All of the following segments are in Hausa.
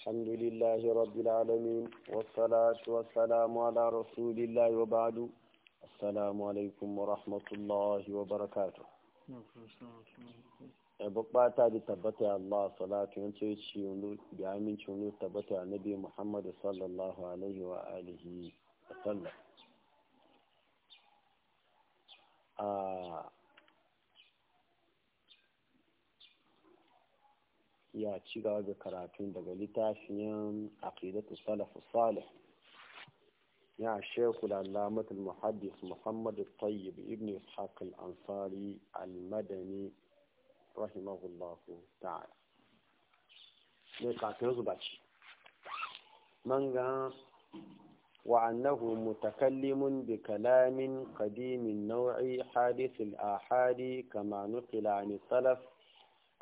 الحمد لله رب العالمين والصلاة والسلام على رسول الله وبعد السلام عليكم ورحمة الله وبركاته babba ta bi tabbata Allah salatu yan ce ci bi amincin wani tabbata annabi Muhammad sallallahu alaihi wa alihi wa sallam ah, يا تشيغا gaba da karatun عقيدة littafin الصالح يا شيخ العلامة المحدث محمد الطيب ابن إسحاق الأنصاري المدني رحمه الله تعالى نقاط نزبتي من وأنه متكلم بكلام قديم النوع حادث الآحاد كما نقل عن السلف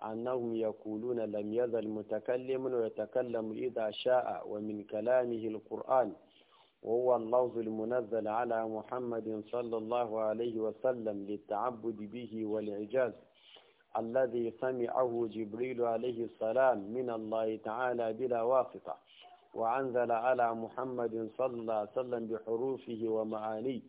أنهم يقولون لم يزل متكلم ويتكلم إذا شاء ومن كلامه القرآن وهو اللفظ المنزل على محمد صلى الله عليه وسلم للتعبد به والإعجاز الذي سمعه جبريل عليه السلام من الله تعالى بلا واسطة وأنزل على محمد صلى الله عليه وسلم بحروفه ومعانيه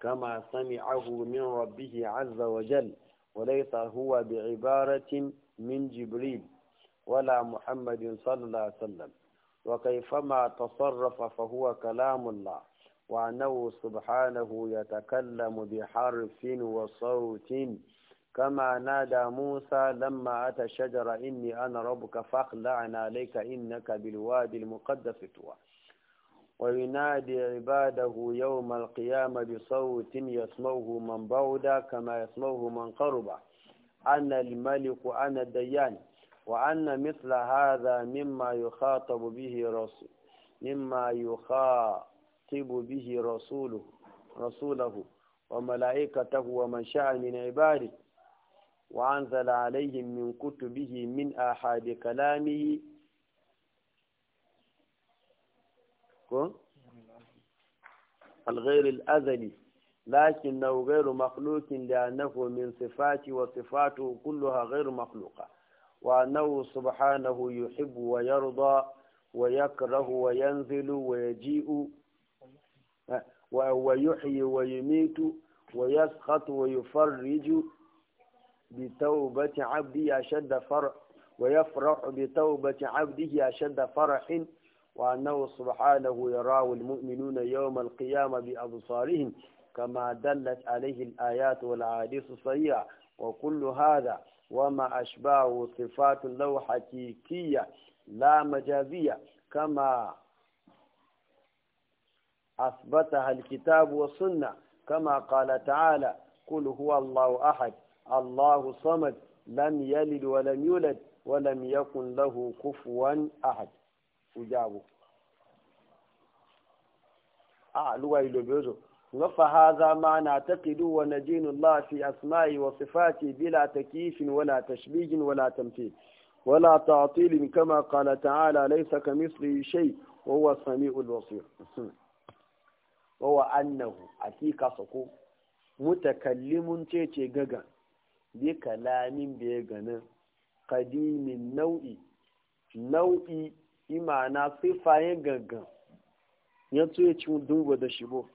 كما سمعه من ربه عز وجل وليس هو بعبارة من جبريل ولا محمد صلى الله عليه وسلم وكيفما تصرف فهو كلام الله وأنه سبحانه يتكلم بحرف وصوت كما نادى موسى لما أتى الشجرة إني أنا ربك فاخلعن عليك إنك بالوادي المقدس طوى وينادي عباده يوم القيامة بصوت يسموه من بعد كما يسموه من قرب أنا الملك أنا الديان وأن مثل هذا مما يخاطب به رسول مما يخاطب به رسوله رسوله وملائكته ومن شاء من عباده وأنزل عليهم من كتبه من أحد كلامه ko alghairul azali lakin na ghairu makhluqin da nafu min sifati wa sifatu kulluha ghairu makhluqa wa nahu subhanahu yuhibbu wa yarda wa yakrahu wa yanzilu wa yaji'u eh, wa wa yuhyi wa yumitu wa yasqatu wa yufarriju bi tawbati 'abdi ashadda far wa farahin وأنه سبحانه يراه المؤمنون يوم القيامة بأبصارهم كما دلت عليه الآيات والعاديث الصحيحة وكل هذا وما أشباه صفات له حقيقية لا مجازية كما أثبتها الكتاب والسنة كما قال تعالى قل هو الله أحد الله صمد لم يلد ولم يولد ولم يكن له كفوا أحد ujabu a luwa ilo bezo wafa haza ma na taqidu wa najinu Allah fi asma'i wa sifati bila takyifin wala tashbihin wala tamthil wala ta'tilin kama qala ta'ala laysa kamithlihi shay wa huwa as-sami'ul basir wa huwa annahu atika sako mutakallimun cece gaga bi kalamin bi ganin qadimin nau'i nau'i Imana ma'ana sifayen gangan ya tsoye cin duba da shi bo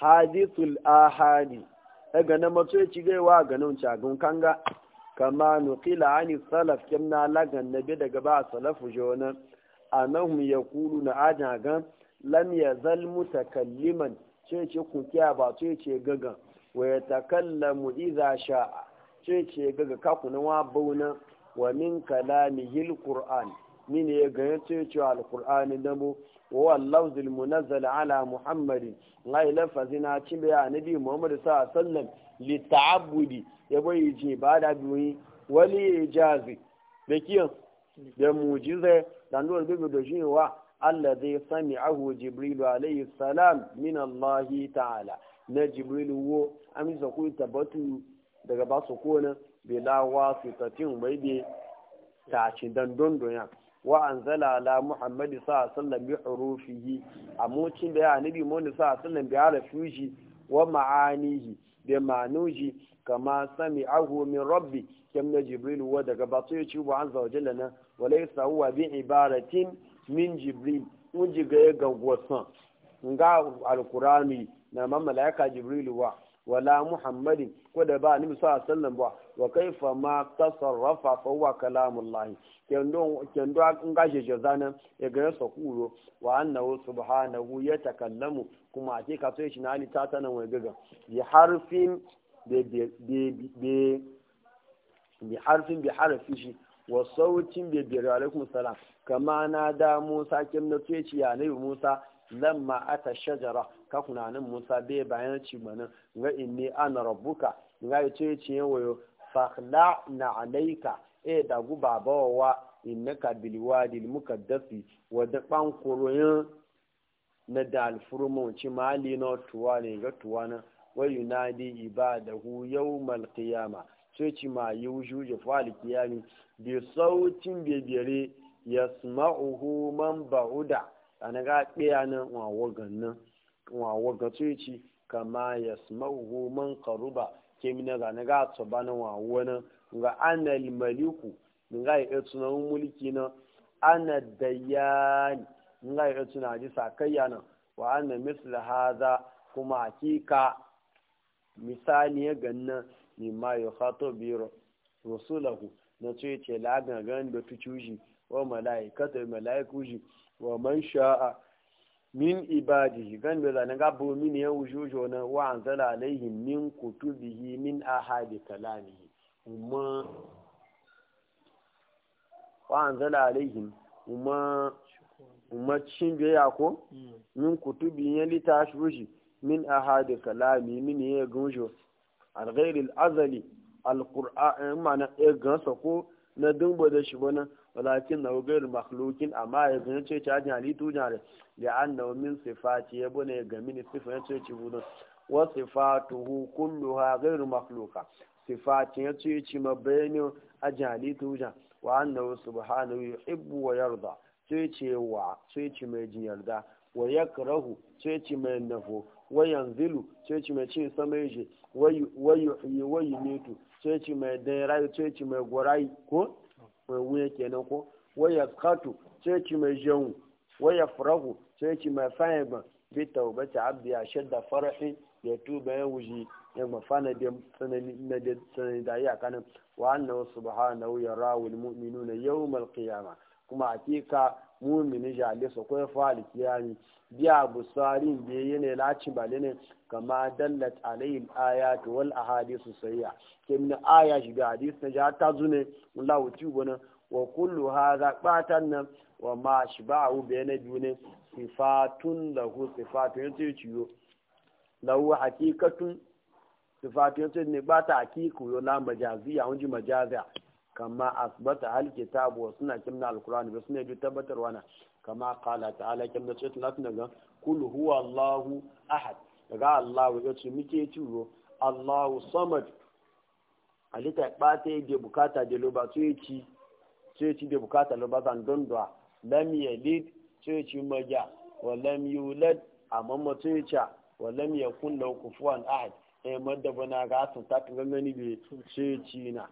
hadithul ahadi daga na matsoye ci gaiwa ga nan cagun kanga kama nukila ani salaf kim na lagan na bi daga ba salafu jona ya yaqulu na ajan lam ya yazal mutakalliman ce ce kunkiya ba ce ce gaga wa takallamu idza sha'a ce ce gaga kakunan wa bauna wa min kalamihil qur'an mini ya ganye cewa alkur'ani na mu wa lafzul munazzal ala muhammadin ngai lafazi na cin bai annabi muhammad sallallahu alaihi li ya bai ji ba da biyi wali ijazi da kiyan da mujize dan duwar bibi da shi wa allazi sami'ahu jibril alayhi salam min ta'ala na jibril wo amisa ku tabatu daga basu kona bila wasitatin bai da ta ci dan dondoya wa anzala ala muhammad sallallahu alaihi wasallam bi hurufihi da ya nabi muhammadu sallallahu alaihi wasallam bi harfuji wa ma'anihi bi ma'nuji kama sami min rabbi kam jibril wa daga batu ya ci wa azza wa wale huwa bi ibaratin min jibril mun ji ga ga gwasan nga alqurani na mamalaika jibril wa wala muhammadin ko da ba annabi sallallahu alaihi wasallam ba wa kaifa ma tasarrafa fa huwa kalamullahi kendo kendo an gashe jazana ya ga sa kuro wa annahu subhanahu yatakallamu kuma ake ka so shi na ali ta tana wai gaga bi harfin bi bi bi harfin bi harfi shi wa sautin bi bi alaikum salam kama na da musa kin na tuye ci ya nabi musa lamma ata shajara ka kunanin musa bai bayan ci mana ga inni ana rabbuka ga yace ce wayo fakhla na alayka e da guba bawa innaka bil wadi al muqaddasi wa da ban koroyin na da alfurmo ci mali no tuwa ne ga tuwana wa yunadi ibadahu yawmal qiyama sai ci ma yuju ya fali kiyami bi sautin bebere yasma'uhu man ba'uda ana ga tsaya nan wawagan nan wawaga tuci kama ya smahu man karuba ke mina ga na ga tsoba na wawana ga anal maliku ga ya etu na mulki na ana dayani ga ya etu na ji sakayya nan wa ana misla haza kuma hakika misali ya ganna mimma ya khato bi rasulahu na tsoyice lagan ga da tuci wa mala'ikatu mala'iku shi wa man sha'a min ibadihi gan da zanen gabo min ya wuce na wa an zala alaihim min kutubihi min ahadi kalamihi umma wa an zala alaihim umma umma cin biya ko hmm. min kutubi ya lita shi min ahadi kalami min ya gunjo al al-azali al-qur'an ya gansa ko na dumbo da shi bana walakin na ugar makhlukin amma ya zan ce ta jin halittu jare da an na min sifati ya bune ga mini sifa ya ce ci budun wa sifatuhu kulluha ghairu makhluka sifati ya ce ci mabayani a jin halittu jan wa annahu subhanahu yuhibbu wa yarda sai ce wa sai ci mai jin yarda wa yakrahu sai ci mai nafo wa yanzilu sai ci mai cin samai yaje wa yuhyi wa yumitu sai ci mai dai rayu ci mai gwarayi ko wuya kenan ko waya skatu sai ki mai jawu waya furahu sai ki mai fayin ba bi taubata abdi a shadda farahin ya tuba ya wuji ya mafana da sanani da ya kanin wa annahu subhanahu yarawul mu'minuna yawmal qiyamah kuma hakika mumini jale su kwai fa'al kiyami biya busarin biye yana lacin balene kama dallat alayhim ayatu wal ahadisu sayya kin aya shi ga hadis na ja ta zune Allah wuti gona wa kullu hadha qatan nan wa ma shibahu ne june sifatun hu sifatun yace ciyo hu haqiqatun sifatun yace ne ba ta haqiqu yo la majaziya hunji majaziya kama asbata hal kitabu wa sunna kimna alqur'ani bi sunna tabbatar wana kama qala ta'ala kimna ce tun latin daga kul huwa allahu ahad daga allah ya ce muke ciro allahu samad alita bata da bukata da loba to yaci to da bukata loba zan dondwa lam yalid to yaci maja wa lam yulad amma mutum yaca wa lam yakun lahu kufuwan ahad eh madda bana ga sun ta gangani bi ce ci na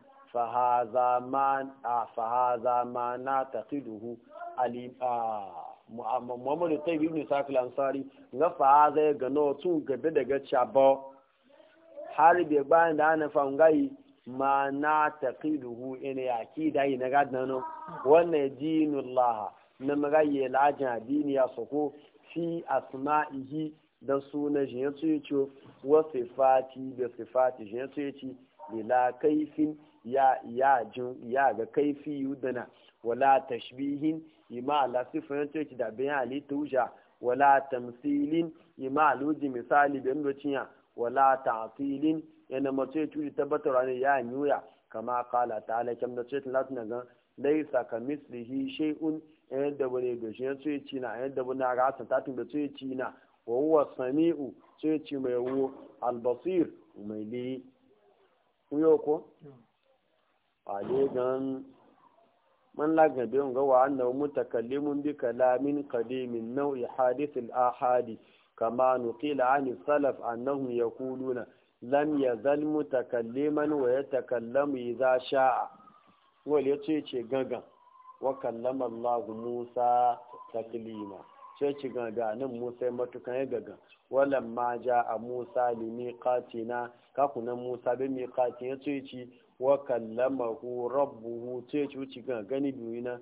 fahaza ma na taqiduhu ali muhammad tayyib ibn sa'id al-ansari ga fahaza ya gano tun gabe daga chabo har bai bayan da ana fangai ma na taqiduhu ina yakida ina gadano wannan dinullah na magaye lajin addini ya fi asma'ihi da suna shi ya tsoye ce wa sifati da sifati shi ya lila kaifin ya ya jin ya ga kaifi yudana wala tashbihin ima la sifan ce da bayan ali tuja wala tamsilin ima aluji misali da dociya wala ta'tilin yana mace turi tabbatar ne ya nuya kama kala ta'ala kam da ce lati na ga laisa kamislihi shay'un yadda bane doshi ya ce ci na yadda wani ga ta tatin da ce ci na wa huwa sami'u ce ci mai wo albasir mai li ko ale gan man lagabe ga wa annahu mutakallimun bi kalamin qadimin naw'i hadith al-ahadi kama nuqila an salaf annahum yaquluna lam yazal mutakalliman wa yatakallamu idha sha'a wal yace ce gangan wa kallama Allah Musa taklima sai ci ganga nan Musa matukan ya gaga walamma ja'a Musa limiqatina na Musa bi miqatin ya ci wa kallamahu rabbuhu ce ci wuce gan gani biyu na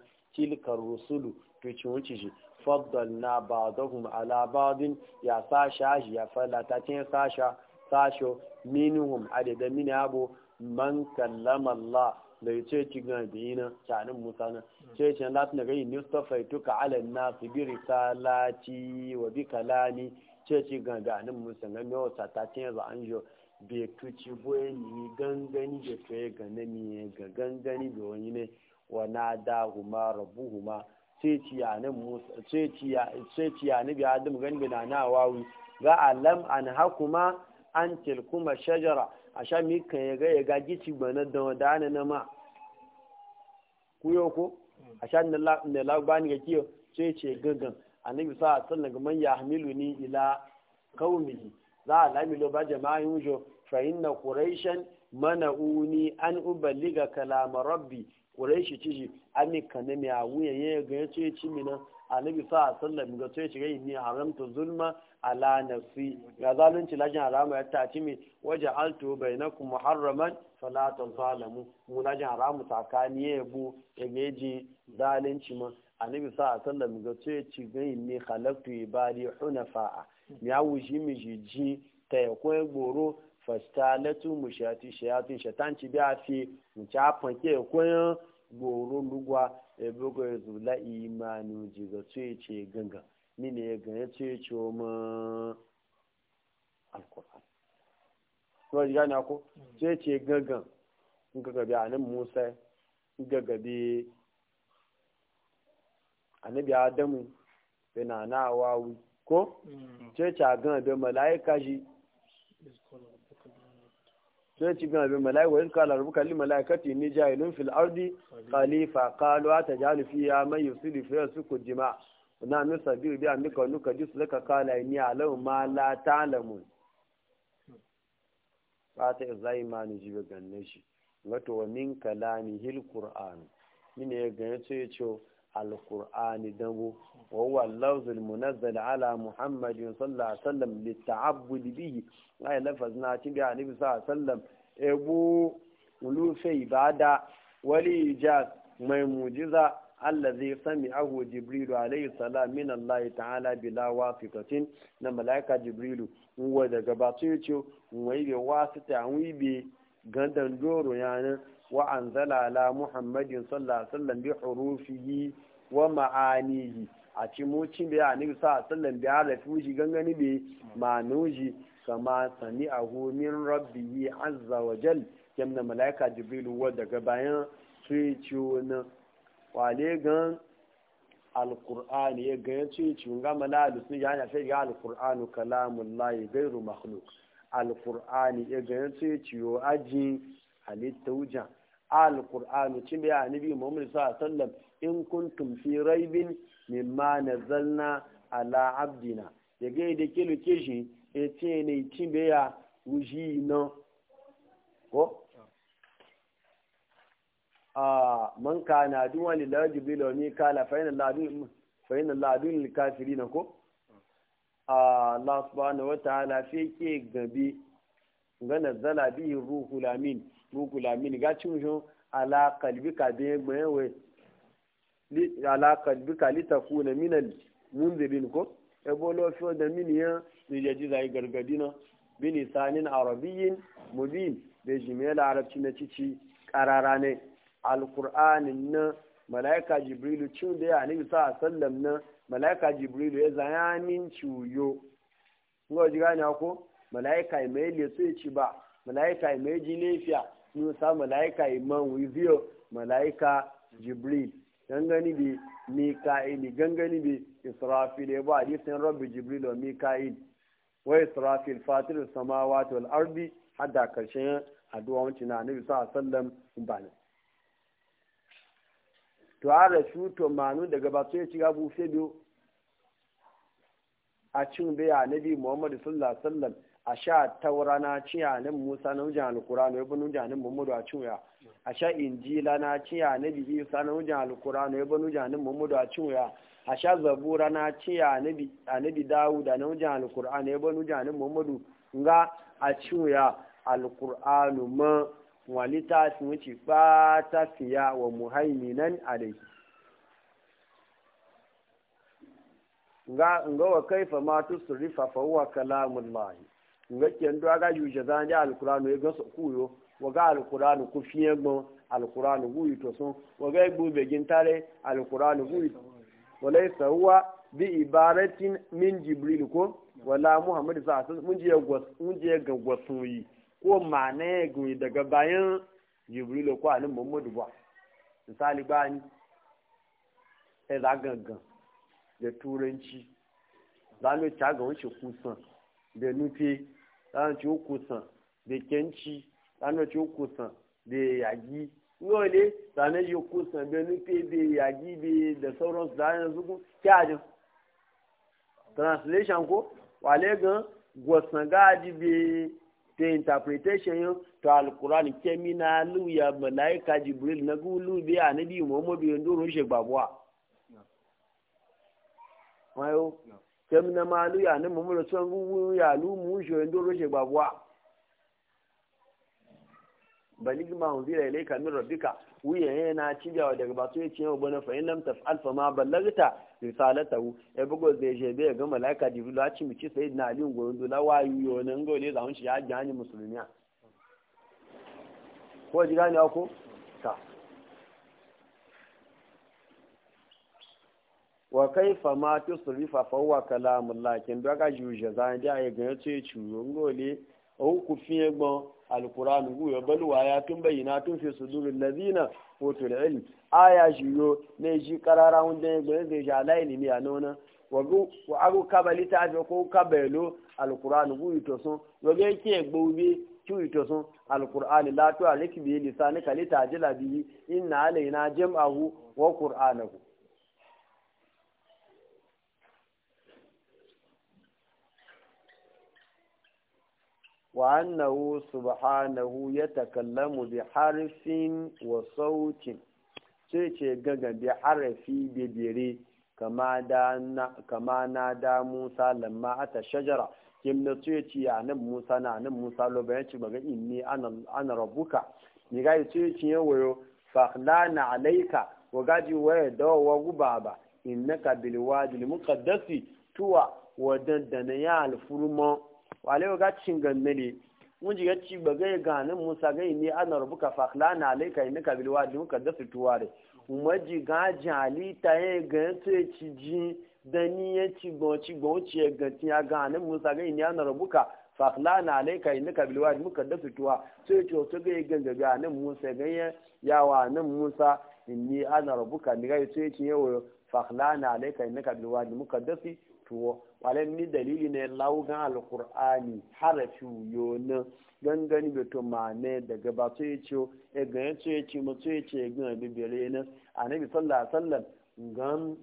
rusulu to ci wuce shi faddalna ba'dahum ala ba'din ya sasha ya ta tin sasha sasho minhum da mini abu man kallama Allah da ya ce ci gan biyu na canin musa na ce ce na tana gani nustafai tuka ala nasu bi risalati wa bi kalani ce ci gan biyu musa na mewa sata tin za'an jo bai tuci boye ni gangani da ya ga nami ga gangani da wani ne wa na da huma rabu huma sai ciya ni bi adam gani bi na na wawi ga alam an hakuma an tilkuma shajara a sha mi kan ya ga ya ga gici gbana da wadana na ma kuyoko ko a sha ne lagbani ga kiyo sai ce gangan annabi sa a tsallaga man ya hamilu ni ila kaumihi za a lami lo ba jama'in wujo fa inna quraishan uni an uballiga kalama rabbi quraishi ciji ami kana mi awuye ye ga ce ci mina annabi sa sallam ga to ci ga inni haramtu zulma ala nafsi ga zalunci lajin harama ya ci mi waje altu bainakum muharraman fala tazalamu mu lajin haramu takani ye bu ya geji zalunci ma annabi sa sallam ga to ci ga inni khalaqtu ibadi hunafa'a ya wuji miji ji ta ya kwen gboro fasta latu mu shati shayatun shatanci bi a fi mu ci afan ke kwen gboro lugwa ebe ko ya zula imanu ji ga tsoye ce ganga ni ne ya gane tsoye ce ma alkur'an ko ji gane ko tsoye ce gangan in ka gabi a musa in ka gabi annabi adamu yana na wawi ko ce mm. ci a gan da mala'ika shi ce ci gan da mala'ika wani kala rubuka li mala'ikati ni jahilun fil ardi khalifa ta qalu atajalu fiha man yusidu fi ku jima na nusa bi bi an nuka nuka su laka kala ni alau ma la ta ta'lamun ba ta zai ma ni jibe ganne shi wato wa min kalami hil qur'an ne ga yace ce alkur'ani dango wawa munazzal ala muhammad yin sallah a sallam mai mujiza allah zai sami ahu jibrilu alayhi ta'ala bila wasitatin na malaika jibrilu wadda gabatoyi ce wani bai wasita doro yanar wa anzala ala muhammadin sallallahu alaihi wasallam bi hurufihi wa ma'anihi a ci mu cin da ya ni sa sallan da ya shi gangani kama sami a min rabbihi azza wa jal yamna malaika jibrilu wa daga bayan su yi ciwo na wale gan alkur'ani ya ga su yi ciwo ga mala alisun ya na sai ga alkur'anu kalamun layi gairu makhluk alkur'ani ya ga su yi ciwo aji halitta wujan alqur'anu cin ya annabi muhammad sallallahu alaihi wasallam in kuntum fi raibin mimma nazzalna ala abdina yage da kilo kishi ete ne cin ya wuji na ko a man kana duwa lillahi jibril wa mikala fa inna ladun fa inna ladun lil kafirin ko Allah subhanahu wa ta'ala fi ke gabi gana zala bihi ruhu lamin ruhu lamin ga cin jo ala qalbika be gbewe li ala qalbika takuna min al munzirin ko e bolo fo da min ya ni jaji zai gargadina bini sanin arabiyin mubin be jimela arabci na cici karara ne alqur'anin na malaika jibrilu cin da ya ni sa sallam na malaika jibrilu ya zayanin ciyo ngo ji gane ko malaika yi mai leso ya ci ba malaika yi mai jinefiya nusa malaika yi man wiziyo malaika jibril gangani bi mikail gangani bi israfil ya ba hadisin rabbi jibril wa mika'il wa israfil fatir samawati wal ardi hadda karshen addu'a wancin na nabi sa sallam bana to ara to manu daga ba sai ci gabu sai biyo a cin na annabi muhammad sallallahu alaihi wasallam a sha taura na ciya nan musa na wujan alkurano ya banu janin muhammadu a cuya a sha injila na ciya na bibi isa na wujan alkurano ya banu janin muhammadu a cuya a sha zabura na ciya a nabi dawuda na wujan alkurano ya banu janin muhammadu nga a cuya alkur'anu ma walita sun wuce ba ta fiya wa muhaiminan alaihi nga nga wa kaifa ma tusrifa fa huwa kalamullah ngakken do aga yuje zan ja alqur'anu e gaso kuyo waga alqur'anu ku fiye gbo alqur'anu wuyi to sun waga ibu begin tare alqur'anu wuyi walaysa huwa bi ibaratin min jibril ko wala muhammad sa sun mun je gwas mun je ga ko mane gwi daga bayan jibril ko alin muhammadu ba misali ba ni e za gangan da turanci za mu ta ga kusan da nufi ranar ci hukusan da kyanci ranar ci hukusan da yagi yole ranar ci hukusan da nufe da yagi da da sauransu da ranar zuku kyajin translation ko wale gan gwasan gaji da the interpretation yin to alkurani kemi na luya malaika jibril na gulu bi anabi muhammadu yanzu rushe gbabuwa. Wayo? No. na kẹ́mi ya ni lóyè àní mọ̀mọ́ lọ sọ́n wúwú yà ló mú ìṣòro ẹni tó ló ṣe gbàgbọ́ à. baligi ma hunzira ilai kamin rabbika wuya yana cijawa daga ba su ya ciye wa bane fa in lam taf'al fa ma ballagta risalatahu e bugo ze je be ga malaika jibril a ci mici sayyidina ali gorin dola wayu yo nan gole zaun shi ya ni musulmiya ko ji ga gani ko ta wa fa ma tusrifa fa huwa kalamul lakin do ga je zan ja ye gan chu ngo le o ku fi egbon alquran gu yo balu aya tun bayina tun fi sudurul ladina utul ilm aya yo ne ji karara de gbe de ja laini mi anona gu wa agu kabali ta ko kabelo alquran gu to sun yo ge ki egbo bi cuyi to sun alkur'ani la tu aliki bi lisani kalita jila bi inna alaina jam'ahu wa qur'anahu wa annahu subhanahu ya takallamu bi harafin wa sautin sai ce gaga bi harafi bibire kama na da musa lamma ata shajara kim na tuye ci a nan musa na nan musa lo bayan ci baga inni ana rabuka ni ga yi ya ci yawayo na alaika wa gaji waya dawowa guba ba innaka bilwadi muqaddasi tuwa wa da ya alfurma wale ga cin ganne ne mun ji yacci ba gai ganin musa gai ne ana rubuka fakla na alaika ne ka bilwa muka da fituwa da umaji ga jali ta ye gan ce ci ji da ni ya ci gon ci gon ci ya gan ya ganin musa gai ne ana rubuka fakla na alaika ne ka bilwa muka da fituwa sai ce to gai ganga ga ganin musa gai ya wa nan musa inni ana rubuka ni gai sai ci yawo fakla na alaika ne ka bilwa muka da fituwa tuwo walen ni dalili ne laugan alkur'ani harafi yo gangani beto mane daga ba to ya ce e ganye to ya ce mutu ya ce gan bibiyar na annabi sallallahu alaihi wasallam gan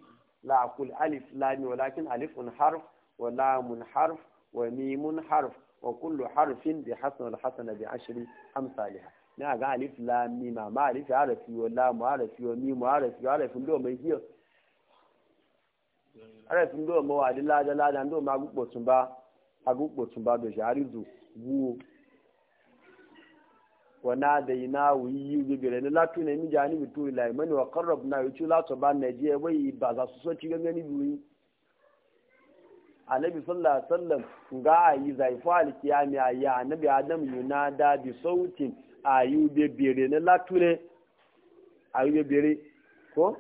la kul alif lami walakin alifun harf wa lamun harf wa mimun harf wa kullu harfin bi hasan al hasan bi ashri amsalha na ga alif lam mim ma alif harafi wa lam harafi wa mim harafi harafin do mai hiyo ara sun do mo wa di lada lada do ma gupo tun ba agugbo do jari zu wu wa na da ina wu yi gbe ni latu ne mi ja ni bitu ila imani wa qarrabna yutu la to ba na je wai ba za su so ci gangan ni biyu annabi sallallahu alaihi wasallam ga yi zaifa alkiyami ayi annabi adam yunada bi sautin ayu be bere ni latu ne ayu be bere ko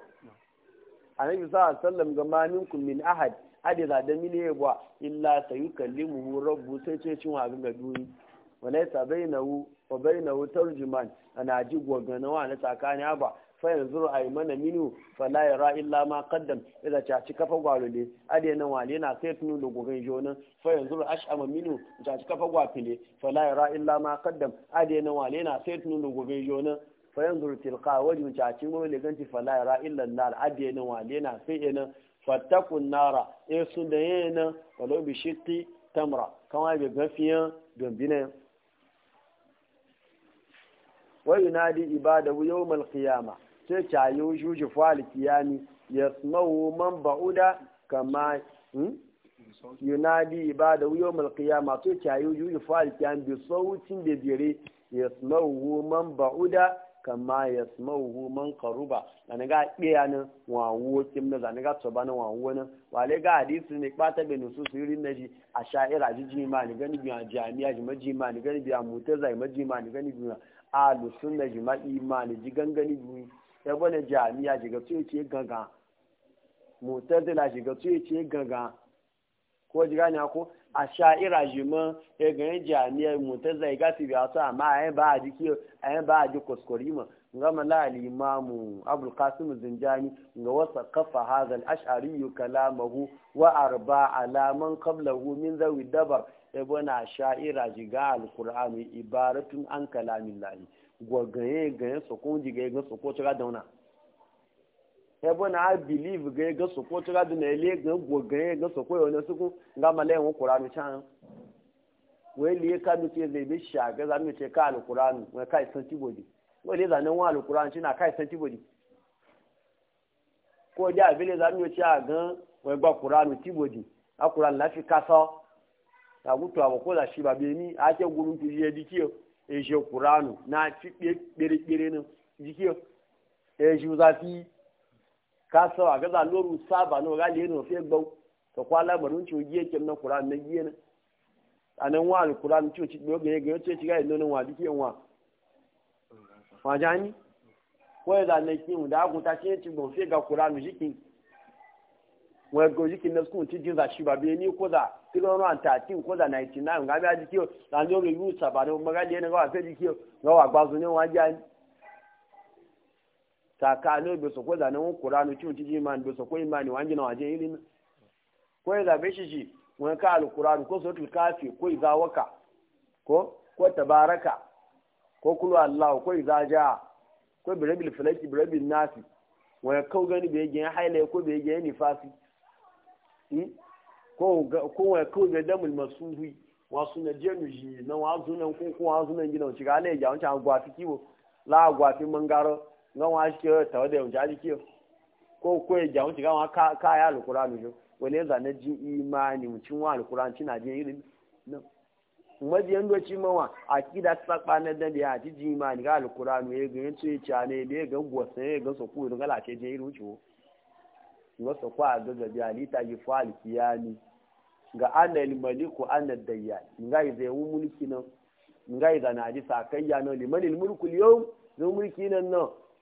annabi sa sallam ga maminkum min ahad hadi za da mini yabwa illa sayukallimuhu rabbu sai ce cin wa ga duni walaita bainahu wa bainahu tarjuman ana ji gwagana wa na tsakani ba fa yanzu a yi mana minu fa la yara illa ma qaddam idza cha ci kafa gwalo ne ade nan wale na sai tunu da gogan jonan fa yanzu ashama minu cha ci kafa gwafile fa la yara illa ma qaddam ade nan wale na sai tunu da gogan jonan fayan zurtil kawai wuce a cikin wani ganci fala ya ra'illan nar adiye nan wale na sai yana fattakun nara e sun da yana walau bi shitti tamra kawai bi gafiyan dombina wai yunadi ibada yau mal kiyama sai cayi wujuji fali kiyami ya smawu man ba'uda kama yunadi ibada yau mal kiyama sai cayi wujuji fali kiyami bi sautin da dire ya smawu man ba'uda kama ya uhu man karuba ni ga ɗaya ni wawo kim na zane ga tsoba ni wawo nan wale ga hadisi ne ɓata bai nusu su yi na ji a sha'ira ji ma ni gani biya jami'a ji ma ni gani biya ji ma ni gani biya alu na ji ma'ima ni ji gangani biyu ya bane jami'a ji ga tsoye ce gaga na ji ga tsoye ce gaga ko ji gani ko a sha jima ya e ganin e jami'ar mutar zai gasi biya su amma a yin e ba a jiki a yin ba a ji kuskuri ma gama la alimamu abul zinjani ga wasa kafa hazal ash'ari kalamahu wa arba alaman qablahu min zawi dabar ibn sha'ira ga alkur'ani ibaratun an kalamin lahi gwa gaye su kun jiga ga su ko tsira dauna ebe na a ga ego sokwo chọga dị na ele ga gwo ga ego sokwo ya onye sokwu nga mala enwe kwuranu chan wee lie ka nuti eze ebe shi aga za nuti ka alukwuranu nwee ka isan tibodi wee lie zane nwa alukwuranu chi na ka isan tibodi ko di abele za nuti aga wee gba kwuranu tibodi akwuranu lafi kasa ta gutu abokwo da shi ba bemi ake gurun tuji ya dikiyo eje kwuranu na fi kpere kpere na dikiyo eje uzafi ka sa a gaza loru saba no ga le no fe gbau to kwa la barun ci ogiye kem na qur'an na giye na anan wa alquran ci ci do ga ga ce ci ga no wa dike wa wa jani ko da ne ki mu da ku ta ce ci bon fe ga qur'an jiki wa go jiki na skun ci jin za shi ba be ni ko da kilono an ta tin ko da 99 ga ba dike da loru yu saba no ma ga le ne ga fe dike ga wa gbazu ne wa jani tsakanin bai ko zane wani kuranu cin ci jimani bai ko imani wani gina waje ilimi ko ya zabe shi shi wani ka alkuranu ko sautul kafi ko izawaka ko ko tabaraka ko kulu allahu hmm? ko izaja ko birabil filaki birabil nasi wani kau gani bai gani haila ko bai gani nifasi ko wani kau gani damul masuhi wasu na jenu shi na wazunan ko kuma wazunan gina wacce ga alayi ya wancan gwafi kiwo la gwafi mangaro gan wa shi tawo da yauja jiki ko ko ya jawo ci gan wa ka ya alqur'ani jo wani za na ji imani mutum wa alqur'ani na je irin no maji yando ci mawa akida ta sakpa na da ya ji ji imani ga alqur'ani ya ga yace ya ne da ya ga gosa ya ga soku da galace je irin ciwo wasa kwa ga gabi alita ji ya ni. ga anal maliku anad dayyan ngai zai wu mulki nan ngai da na ji sakayya nan limanil mulku yau zo mulki nan nan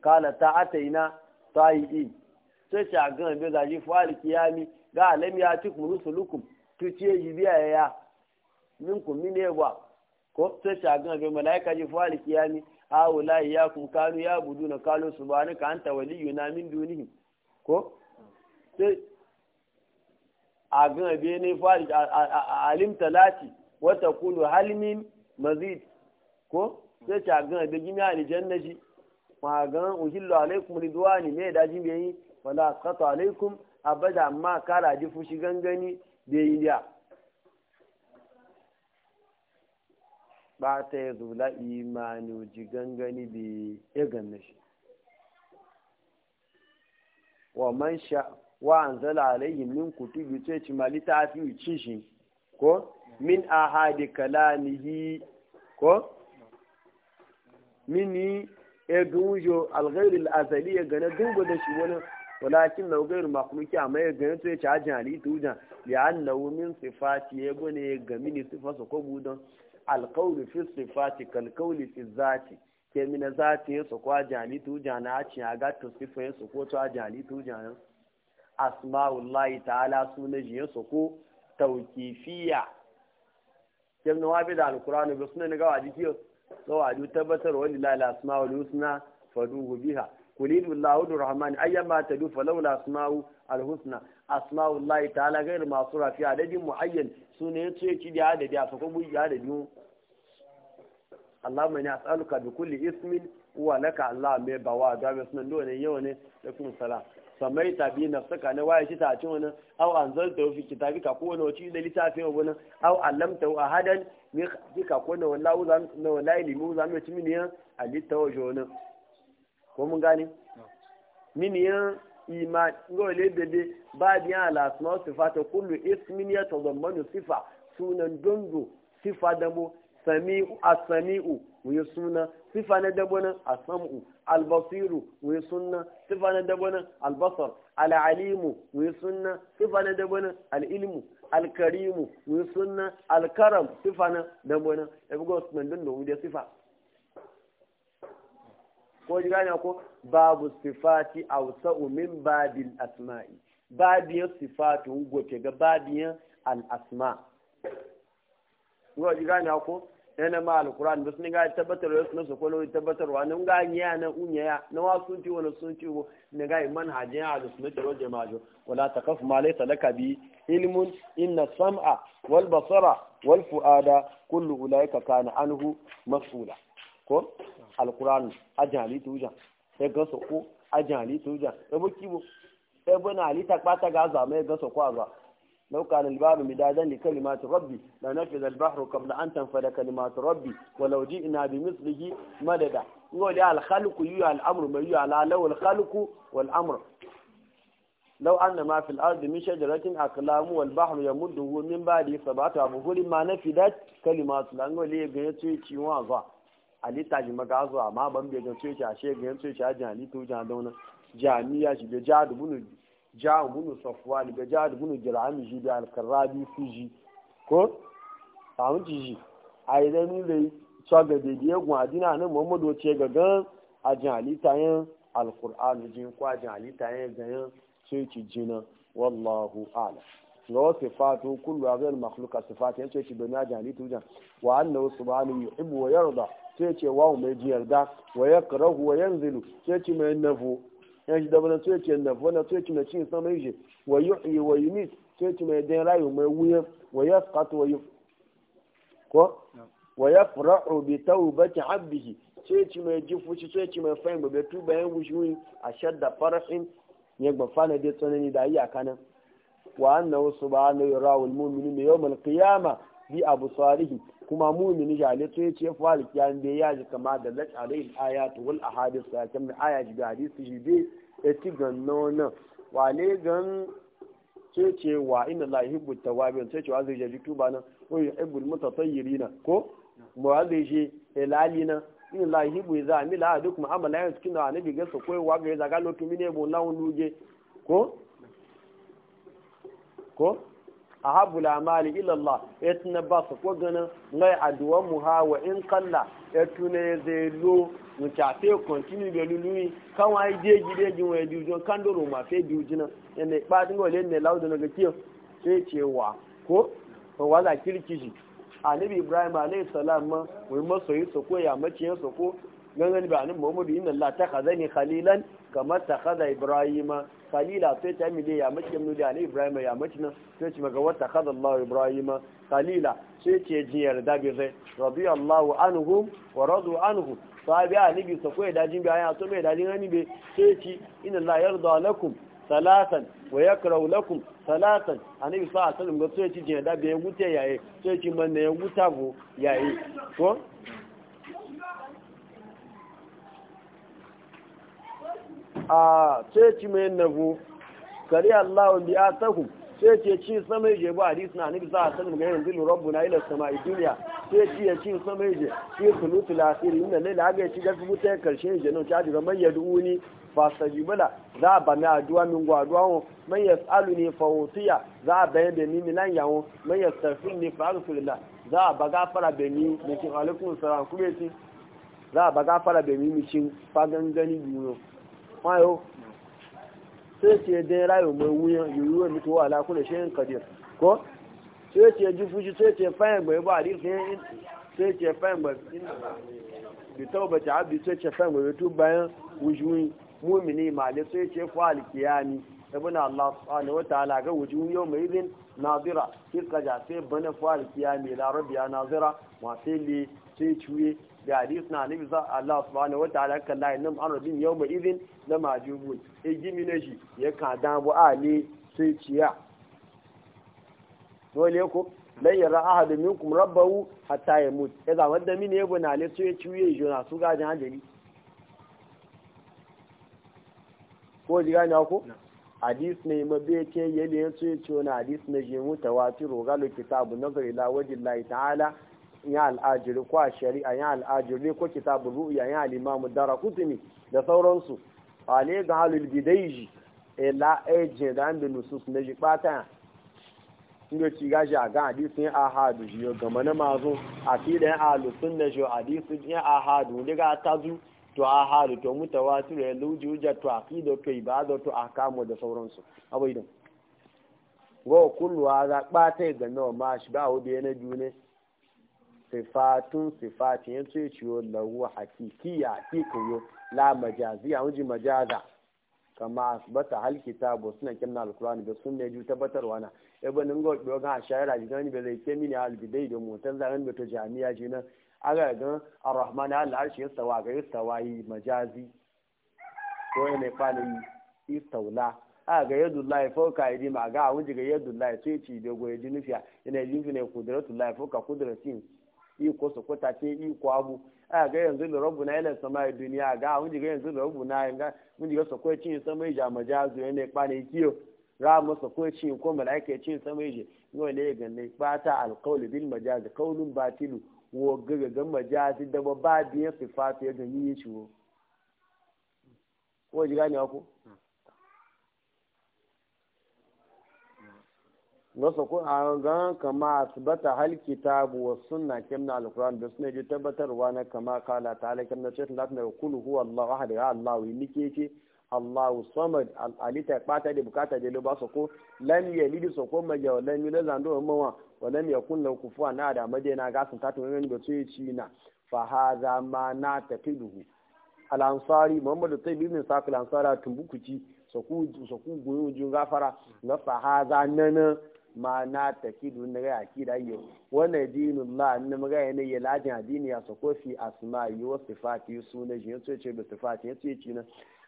kala ta ataina ta'iin sai ta ga gana da ji fa'al kiyami ga alam ya ci kun rusulukum tu ce yi biya ya min kun mine ba ko sai ta ga be malaika ji fa'al kiyami a awula ya kun kanu ya buduna kalu subhanaka anta waliyuna min dunihi ko sai a gana biye ne fari alim talati wata kulu halimin mazid ko sai ta gana da gini alijanna shi ma gan uhillu alaikum ne mai da jin yayi wala qata alaikum abada amma kara ji fushi gangani da yi da ba ta yi zula imani ji gangani da ya ganna shi wa man sha wa an zala alaihi min kutu kutubi sai ci mali ta fi cin shi ko min a ahadi kalamihi ko mini e gunjo alghairul azali ya gane dungo da shi wani walakin na gairu makhluki amma ya gane to ya ci ajin halittu jan ya annahu min sifati ya gane ya gami ne sifasa ko budon alkauli fi sifati kalkauli fi zati ke mina zati ya sako ajin halittu jan na acin ya gato sifa ya sako to ajin halittu jan asma'ullahi ta'ala sunaji ya sako taukifiya kemna wabi da alkurani ba suna ni gawa jikiyar so a ju tabbatar wa lillahi al-asma wal husna faduhu biha qul illahu ar-rahman ayyama tadu asmau al-husna asma'u llahi ta'ala ghayr ma'sura fi adadin muayyan sunan yace ki da adadi a sako bu ya da biyu Allahumma inni as'aluka bi kulli ismin huwa laka Allah mai bawa da sunan dole yawa ne da kuma samai tabi na saka na waye shi ta cin wani au an zalta fi kitabi ka kowane wace da littafin wani au lamta a hadan ne ka kowane wallahu zan na wallahi limu zan yi cimini yan alitta waje wani ko mun gane mini yan iman ngole bebe ba biya alasma sifata kullu ismin ya tazammanu sifa sunan dungu sifa da mu sami'u as-sami'u wuyi suna sifa na dabonin asamu albasiru wuyi suna sifa na dabonin albasar al'alimu wuyi suna sifa na dabonin al'ilmu alkarimu wuyi suna alkaram sifa na dabonin ebugo usman din da wuje sifa ko ji gane ko babu sifati awsa'u min babil asma'i babiyan sifatu goke ga babiyan al-asma' ko ji gane ko yana ma alƙuran da sun gaya tabbatar da sun sako ne tabbatarwa nan ga nya na unya ya na wasu ci wani sun ci man ne ga manhajin ahlus sunnah wal jama'a wala kafa ma laysa laka bi ilmun inna sam'a wal basara wal fuada kullu ulaika kana anhu mas'ula ko alquran ajali tuja sai e ga soko ajali tuja sai e bo kibo sai e bu na ali ta kwata ga zama ga soko azwa لو كان الباب مدادا لكلمات ربي لنفذ البحر قبل أن تنفذ كلمات ربي ولو جئنا بمثله مددا يقول يا الخلق يا الأمر ما يا لا لو الخلق والأمر لو أن ما في الأرض من شجرة أقلام والبحر يمده من بعد سبعة أبهر ما نفذت كلمات لأنه ليه بيتوي تيوان halitta shi magazo amma ban bai ga tsoci a shi ga tsoci a jihar lito jihar dauna jami'a shi da jihar dubu ja bunu safwan ga ja bunu jirami ji da alkarabi fuji ko samu ji a idan ni dai so ga da diye gwadina nan muhammadu ce ga gan a jalita yin alkur'an jin kwa jalita yin gayan sai ki jina wallahu ala ga wasu fatu kullu azal makhluqa sifat yace ki bana jalitu jan wa annahu subhanahu yuhibbu wa yarda sai ce wa mai ji yarda wa yakrahu wa yanzilu sai ce mai nafo ya ji dabana so na fona so yake na cin sama yake wa yi yuhyi wa yumit so yake mai dan rayu mai wuya wa ya yasqat wa yuf ko wa ya yafra'u bi tawbati 'abdihi so yake mai ji fushi so yake mai fayin gobe tu bayan wushuin ashadda farahin ya gba fana dai tsanani da iya kanan wa annahu subhanahu yara al mu'minina yawm al qiyamah bi absarihi kuma mumini jale to ya ce fara kiyan da ya ji kama da lak alayhi ayatu wal ahadith ya kan aya ji hadisi ji be eti ci na wale gan ce ce wa inna la yuhibbu tawabin ce ce wa zai ji tuba nan ko yuhibbu mutatayyirina ko mu wa zai ji ilalina inna la yuhibbu za amila ahadukum amala yaskin da annabi ga su koyi wa ga zaga lokumi ne bo lawun luje ko ko a habu lamali ilallah ya tuna ba su ko ganin mai aduwan muha wa in kalla ya tuna ya zai lo mutafe kontinu da luluni kan wa je gide jin wa diujo kan doro ma fe diujina ne ba dinga wale ne lauda na ga kiyo sai cewa ko wala kirkiji anabi ibrahim alayhi salam ma wai masoyi ko ya maciyan soko gangan ba ni muhammadu inna allah ta khazani khalilan kamar ta kada ibrahima kalila sai ta mide ya mace mu da ibrahima ya mace nan sai ce maga wata kada allah ibrahima kalila sai ce jin yarda bi zai radiyallahu anhum wa radu anhu sahabi nibi sa ko dajin bi aya to mai dajin bi sai ce ina la yarda lakum salatan wa yakrahu lakum salatan annabi sallallahu alaihi wasallam ga sai ce jin yarda bi ya gute yaye sai ce man ne ya guta go yaye ko a ceci mai nagu kari Allah wanda ya tahu sai ce ci sama yaje ba hadisi na annabi za a sanin ga yanzu rabbuna ila sama'i duniya sai ci ya ci sama yaje fi sulutu lafiri inna laila ga ci ga yi karshe yaje no ta daga man yaduni fa sajibala za ba na addu'a min gwa addu'a ho man yasaluni fa utiya za ba yadda ni min nan yawo man yastaghfirni fa aghfirullah za ba gafara da ni ne kin alaikum salam kuma ci za ba gafara da ni mi cin fa gangani biyo kwayo sai ce dai rayu mai wuyan yiwuwa mutuwa ala kula shi kadir ko sai ce ji fushi sai ce fayin bai ba ri sai ce fayin bai bi taubata abdi sai ce fayin bai tu bayan wujuyi mumini mali sai ce fa alkiyami ibn Allah subhanahu wa ta'ala ga wujuyi yau mai izin nazira sai kaja sai bana fa alkiyami la rabbiya nazira wa sai le sai ciwe da hadis na annabi za Allah subhanahu wataala kan la yanam arabin yawma idin la majubun e gimi ne shi ya ka dan bu ali sai ciya dole ko ya ra ahadu minkum rabbahu hatta yamut e da wanda mini yabo na le sai ciye jona su ga jan jari ko ji na ko hadis ne ma mabece yadda ya ce ciwo na hadis na jimu tawatiro galo kitabu nazari la wajin ta'ala ya al'ajiri ko a shari'a ya al'ajiri ko kitabun ru'ya ya al'imamu dara kutumi da sauransu ale ga halul bidaiji ila e eje da an da nusus na ji bata inda ci gashi a ga hadisun ya ahadu ji yau gama na mazo a fidan alusun na shi hadisun ya ahadu ta tazu to ahadu to mutawatir ya luji hujja to aqida to ibada to ahkamu da sauransu abaidan wa kullu hadha bata ga nawa ma shi ba hobe yana june sifatun sifati ya ce ciwo lahu hakikiya koyo la majazi a wajen majaza kama asibata halkita kitabu suna kimna alkurani da sunna ju tabbatarwa na ibn ngol do a shayar ji gani be zai ke mini al bidai da motar zan be ta jami'a ji nan aga ga arrahman al arshi yastawa ga yastawayi majazi ko ne a ga aga lai fauka aidi ma ga wujin ga lai sai ci da goye jinufiya ina jinfi ne lai fauka kudratin iko su kuta ce iko abu a ga yanzu da rabu na yalan sama ya duniya ga mun ji ga yanzu da rabu na ga mun ji ga su ko cin sama ya jama jazu ne kpa ne kiyo ra mu su ko cin ko malaika ya cin sama ya na ne ga ne ba ta alqaul bil majaz qaulun batilu wo ga ga majazi da ba ba biyan sifatu ya ga yi ciwo ko ji gane ọkụ. wasu ku a gan kama asibata hal kitabu wa suna kimna al'kuran da suna ji tabbatarwa na kama kala ta'ala kimna shaytan la tana kulu huwa allah ahad ya allah yi nike ce allah samad alita bata da bukata da ba su ko lam lidi su ko maja wa lam na zando mawa wa lam yakun lahu kufuwan na da madina ga sun tatu wani ba su ci na fa hadha ma na taqiduhu al-ansari muhammad tayyib ibn saqil ansara tumbukuci saku saku goyo gafara na fa hadha nana ma na takidu na ga akida yo wannan dinin la ne maga yana ya lajin adini ya sako fi asma'i wa sifati sunan shi yace ce da sifati yace ci na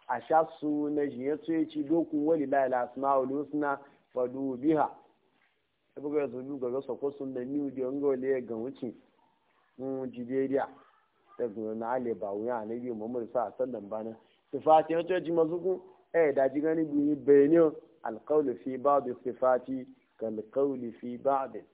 a sha sunan shi yace ci doku wali la ilaha asma'ul husna fadu biha ibu ga su ga ga soko sunna ni da ngo le ga wuci mun mm, jideriya da gona ale ba wuya annabi Muhammad sallallahu alaihi wasallam bana sifati yace ci mazuku eh da ji gani bi bayanin alqawlu fi ba'd sifati kalkauli fi ba'din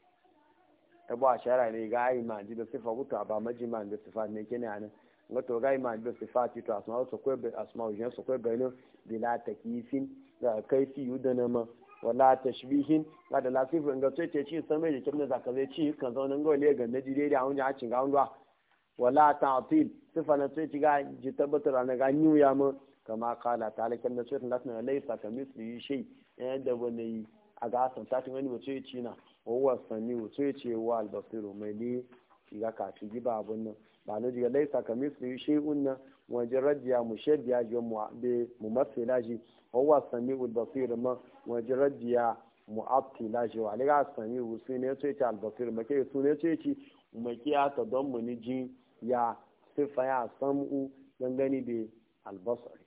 tabo a shara ne ga ayi manji da sifa wuta ba maji manji da sifa ne kene anan wato ga ayi manji da sifa ti to asma so ko be o jen so ko be no bila takifin kai kaifi yudana ma wala tashbihin ga da lasifu ga ce ce ci san mai da za ka zai ci kan nan ga wale ga na jide da hunja a cin ga hunwa wala ta'til sifa na ce ci ga ji tabbatar na ga ya ma kama kala talikan alakin na ce na laysa kamisli shay yadda wani a ga san ta wani mu ce ci na wa sani mu ce ce wa albasiru mai ne ya kafi giba abun nan ba na jiga laisa kamis su shi unna wajen rajiya mu shadiya ji mu be mu masila ji wa sani albasiru ma wajen rajiya mu abtila ji wa ga sani mu su ne ce ce albasiru ma ke su ne ce ci mu ke ta don mu ni ji ya sifa ya sam'u dangane da albasari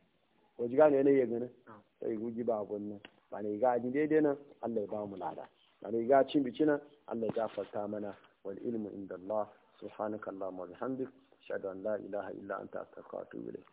wajen gane ne ya gani ah. sai guji ba abun nan Bani ga ajin daidai nan Allah ya ba mu lada bani ga cin bici nan Allah ya gafarta mana wal ilmu inda Allah subhanaka Allahumma wa bihamdik ashhadu an la ilaha illa anta astaghfiruka wa atubu ilayk